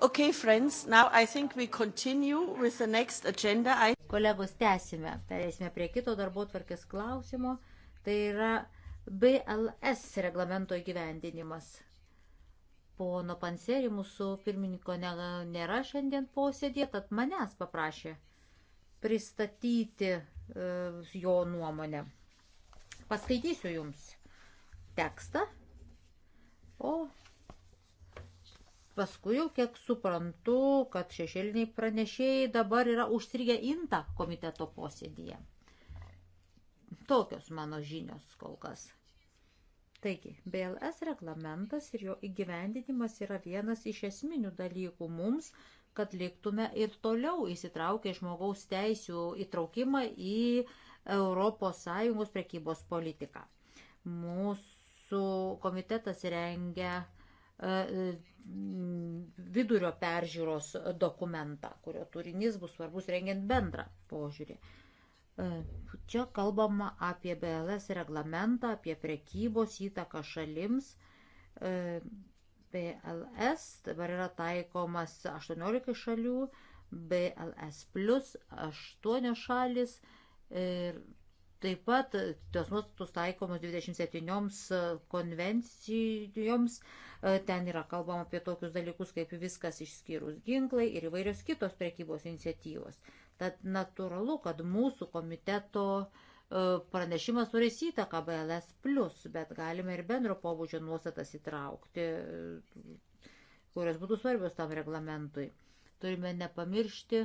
Okay, friends, now I think we continue with the next agenda. I... Kolegos, tęsime. Perėsime prie kito darbo tvarkės klausimo. Tai yra BLS reglamento įgyvendinimas. Pono Panseri, mūsų pirmininko nėra šiandien posėdė, tad manęs paprašė pristatyti e, jo nuomonę. Paskaitysiu jums tekstą, o Paskui jau kiek suprantu, kad šešėliniai pranešėjai dabar yra užstrigę inta komiteto posėdėje. Tokios mano žinios kol kas. Taigi, BLS reglamentas ir jo įgyvendinimas yra vienas iš esminių dalykų mums, kad liktume ir toliau įsitraukę žmogaus teisų įtraukimą į ES prekybos politiką. Mūsų komitetas rengia uh, E, vidurio peržiūros dokumentą, kurio turinys bus svarbus rengiant bendrą požiūrį. E, čia kalbama apie BLS reglamentą, apie prekybos įtaką šalims. E, BLS dabar yra taikomas 18 šalių, BLS plus 8 šalis ir Taip pat e, tos nuostatos taikomos 27 e, konvencijoms, e, ten yra kalbama apie tokius dalykus kaip viskas išskyrus ginklai ir įvairios kitos prekybos iniciatyvos. Tad natūralu, kad mūsų komiteto pranešimas turės įtaką BLS, bet galime ir bendro pobūdžio nuostatas įtraukti, kurios būtų svarbios tam reglamentui. Turime nepamiršti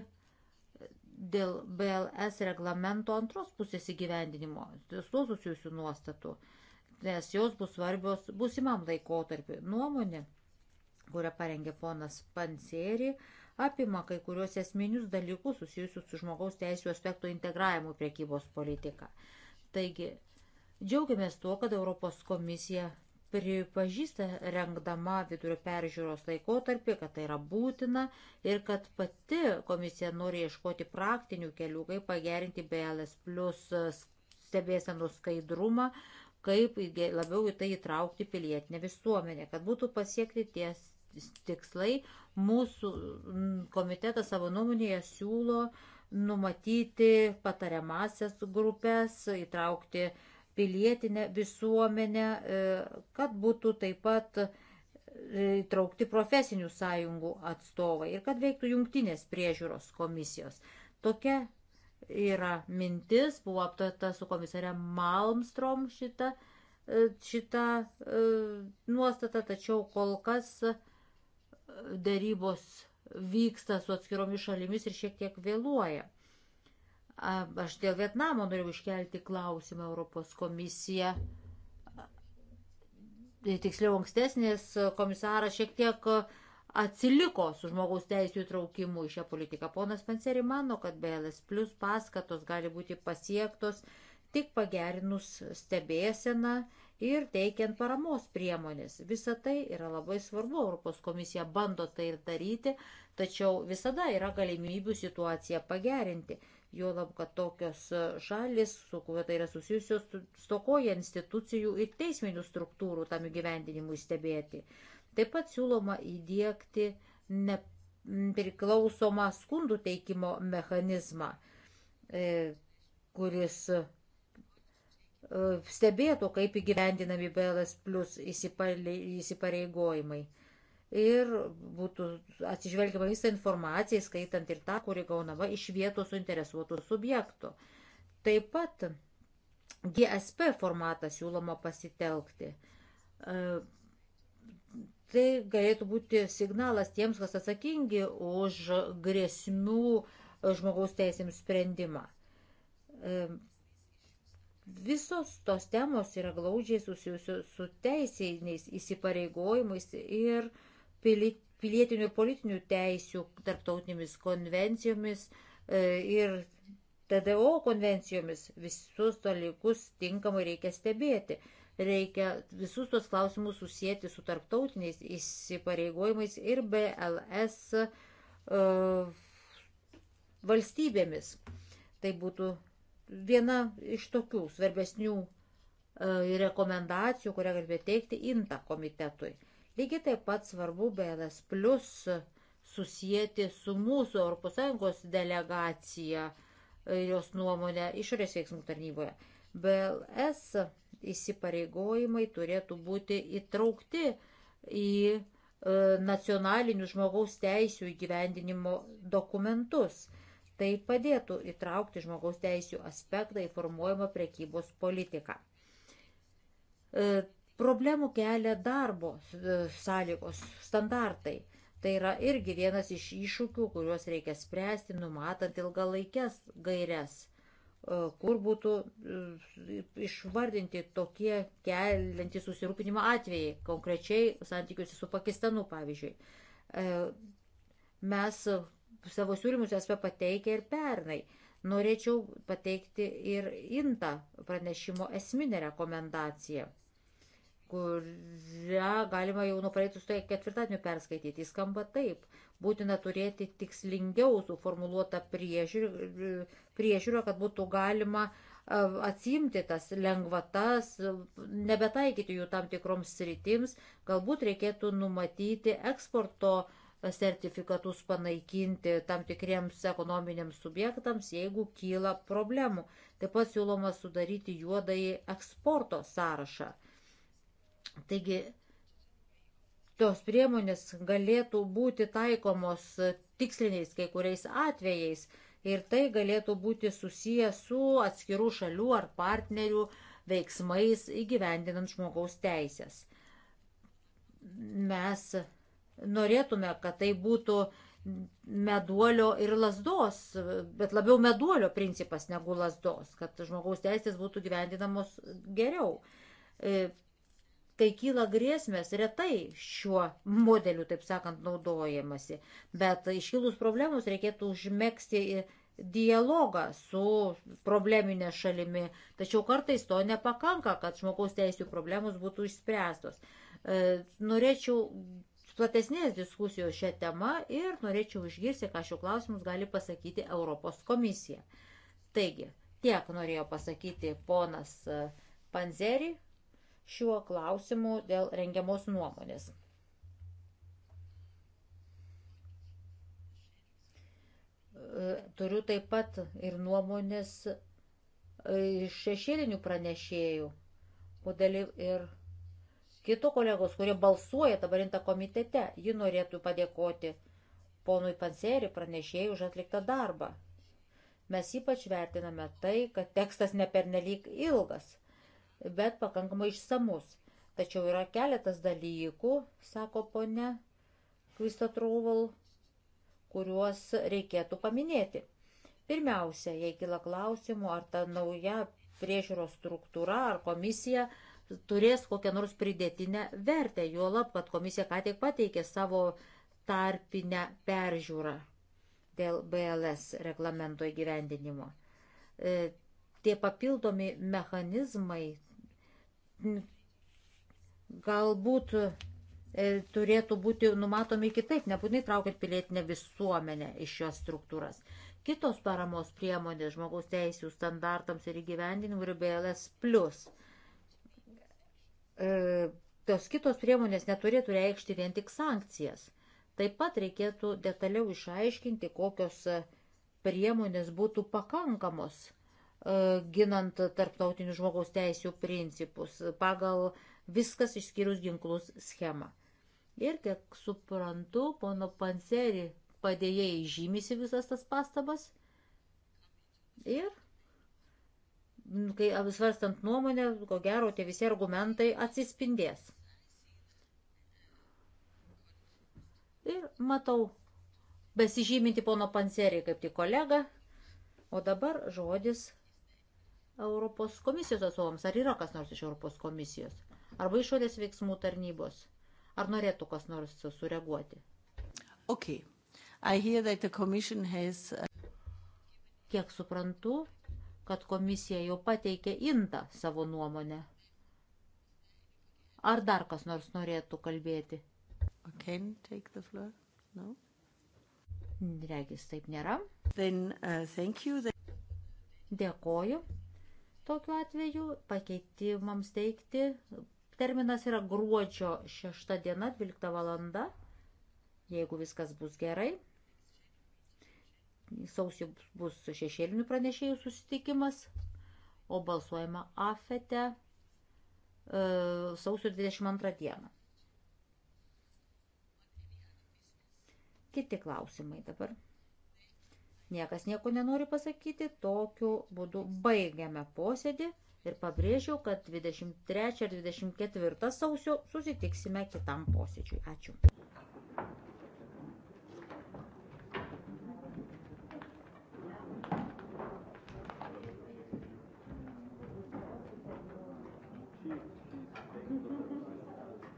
dėl BLS reglamento antros pusės įgyvendinimo, su susijusių nuostatų, nes jos bus svarbios būsimam laikotarpiu. Nuomonė, kurią parengė ponas Pansėri, apima kai kuriuos esminius dalykus susijusius su žmogaus teisų aspektų integravimu priekybos politiką. Taigi, džiaugiamės tuo, kad Europos komisija pripažįsta rengdama vidurio peržiūros laikotarpį, kad tai yra būtina ir kad pati komisija nori ieškoti praktinių kelių, kaip pagerinti BLS plus stebėsenų skaidrumą, kaip labiau į tai įtraukti pilietinę visuomenę, kad būtų pasiekti ties tikslai. Mūsų komitetas savo nuomonėje siūlo numatyti patariamasias grupės, įtraukti uh, pilietinę visuomenę, e, kad būtų taip pat e, įtraukti profesinių sąjungų atstovai ir kad veiktų jungtinės priežiūros komisijos. Tokia yra mintis, buvo aptarta su komisare Malmstrom šita, e, šita nuostata, tačiau kol kas dėrybos vyksta su atskiromis šalimis ir šiek tiek vėluoja. Aš dėl Vietnamo norėjau iškelti klausimą Europos komisiją. Tai tiksliau, ankstesnis komisaras šiek tiek atsiliko su žmogaus teisų įtraukimu į šią politiką. Ponas Panseri mano, kad BLS plus paskatos gali būti pasiektos tik pagerinus stebėseną ir teikiant paramos priemonės. Visa tai yra labai svarbu, Europos komisija bando tai ir daryti, tačiau visada yra galimybių situaciją pagerinti. Jo lab, kad tokios e, šalis, su kuo tai yra susijusios, stokoja institucijų ir teisminių struktūrų tam įgyvendinimui stebėti. Taip pat siūloma įdėkti nepriklausomą skundų teikimo mechanizmą, e, kuris e, stebėtų, kaip įgyvendinami BLS plus įsipareigojimai ir būtų atsižvelgiama visą informaciją, skaitant ir tą, kuri gaunama iš vietos suinteresuotų subjektų. Taip pat GSP formatą siūloma pasitelkti. E, tai galėtų būti signalas tiems, kas atsakingi už grėsmių žmogaus teisėms sprendimą. E, visos tos temos yra glaudžiai susijusios su teisėjais įsipareigojimais ir uh, pilietinių ir politinių teisių tarptautinėmis konvencijomis e, ir TDO konvencijomis visus dalykus tinkamai reikia stebėti. Reikia visus tos klausimus susijęti su tarptautiniais įsipareigojimais ir BLS uh, e, valstybėmis. Tai būtų viena iš tokių svarbesnių uh, rekomendacijų, kurią galime teikti INTA komitetui. Uh, Lygiai taip pat svarbu BLS plus susijęti su mūsų ES delegacija ir jos nuomonė išorės veiksmų tarnyboje. BLS įsipareigojimai turėtų būti įtraukti į e, nacionalinių žmogaus teisių įgyvendinimo dokumentus. Tai padėtų įtraukti žmogaus teisių aspektą į formuojamą prekybos politiką. E, Problemų kelia darbo e, sąlygos, standartai. Tai yra irgi vienas iš iššūkių, kuriuos reikia spręsti, numatant ilgalaikės gairias, e, kur būtų e, išvardinti tokie keliantys susirūpinimo atvejai, konkrečiai santykiuose su Pakistanu, pavyzdžiui. Mes savo siūlymus esame pateikę ir pernai. Norėčiau pateikti ir intą pranešimo esminę rekomendaciją kurią galima jau nuo praeitų tai ketvirtadienio perskaityti. Jis skamba taip. Būtina turėti tikslingiau suformuluotą priežiūrą, priežiūrą, kad būtų galima atsimti tas lengvatas, nebetaikyti jų tam tikroms sritims. Galbūt reikėtų numatyti eksporto sertifikatus panaikinti tam tikriems ekonominiams subjektams, jeigu kyla problemų. Taip pat siūloma sudaryti juodąjį eksporto sąrašą Taigi tos priemonės galėtų būti taikomos tiksliniais kai kuriais atvejais ir tai galėtų būti susiję su atskirų šalių ar partnerių veiksmais įgyvendinant žmogaus teisės. Mes norėtume, kad tai būtų meduolio ir lasdos, bet labiau meduolio principas negu lasdos, kad žmogaus teisės būtų gyvendinamos geriau e, kai kyla grėsmės, retai šiuo modeliu, taip sakant, naudojamasi. Bet iškilus problemus reikėtų užmėgsti dialogą su probleminė šalimi. Tačiau kartais to nepakanka, kad žmogaus teisų problemos būtų išspręstos. E, norėčiau platesnės diskusijos šią temą ir norėčiau išgirsti, ką šiuo klausimus gali pasakyti Europos komisija. Taigi, tiek norėjo pasakyti ponas e, Panzeri, šiuo klausimu dėl rengiamos nuomonės. E, turiu taip pat ir nuomonės e, iš šešėlinių pranešėjų, podėlį ir kito kolegos, kurie balsuoja dabar intą komitete. Ji norėtų padėkoti ponui Panseri pranešėjai už atliktą darbą. Mes ypač vertiname tai, kad tekstas nepernelyg ilgas – bet pakankamai išsamus. Tačiau yra keletas dalykų, sako ponė Kristotroval, kuriuos reikėtų paminėti. Pirmiausia, jei kila klausimų, ar ta nauja priežiūros struktūra ar komisija turės kokią nors pridėtinę vertę, juolab, kad komisija ką tik pateikė savo tarpinę peržiūrą dėl BLS reglamento įgyvendinimo. E, tie papildomi mechanizmai galbūt e, turėtų būti numatomi kitaip, nebūtinai traukiant pilietinę visuomenę iš šios struktūras. Kitos paramos priemonės žmogaus teisų standartams ir įgyvendinimui yra BLS. Plus. E, tos kitos priemonės neturėtų reikšti vien tik sankcijas. Taip pat reikėtų detaliau išaiškinti, kokios e, priemonės būtų pakankamos E, ginant tarptautinius žmogaus teisų principus pagal viskas išskyrus ginklus schemą. Ir kiek suprantu, pono Panseri padėjėjai žymisi visas tas pastabas. Ir kai apsvarstant nuomonę, ko gero, tie visi argumentai atsispindės. Ir matau besižyminti pono Panserį kaip tik kolega, o dabar žodis Europos komisijos atstovams, ar yra kas nors iš Europos komisijos, arba išorės veiksmų tarnybos, ar norėtų kas nors sureaguoti. Okay. Has... Uh, Kiek suprantu, kad komisija jau pateikė intą savo nuomonę. Ar dar kas nors norėtų kalbėti? No? Regis taip nėra. Then, uh, Dėkoju. Tokiu atveju pakeitimams teikti terminas yra gruodžio 6 diena, 12 valanda, jeigu viskas bus gerai. Sausį bus šešėlinių pranešėjų susitikimas, o balsuojama afete e, sausio 22 dieną. Kiti klausimai dabar. Niekas nieko nenori pasakyti, tokiu būdu baigiame posėdį ir pabrėžiau, kad 23 ir 24 sausio susitiksime kitam posėdžiui. Ačiū.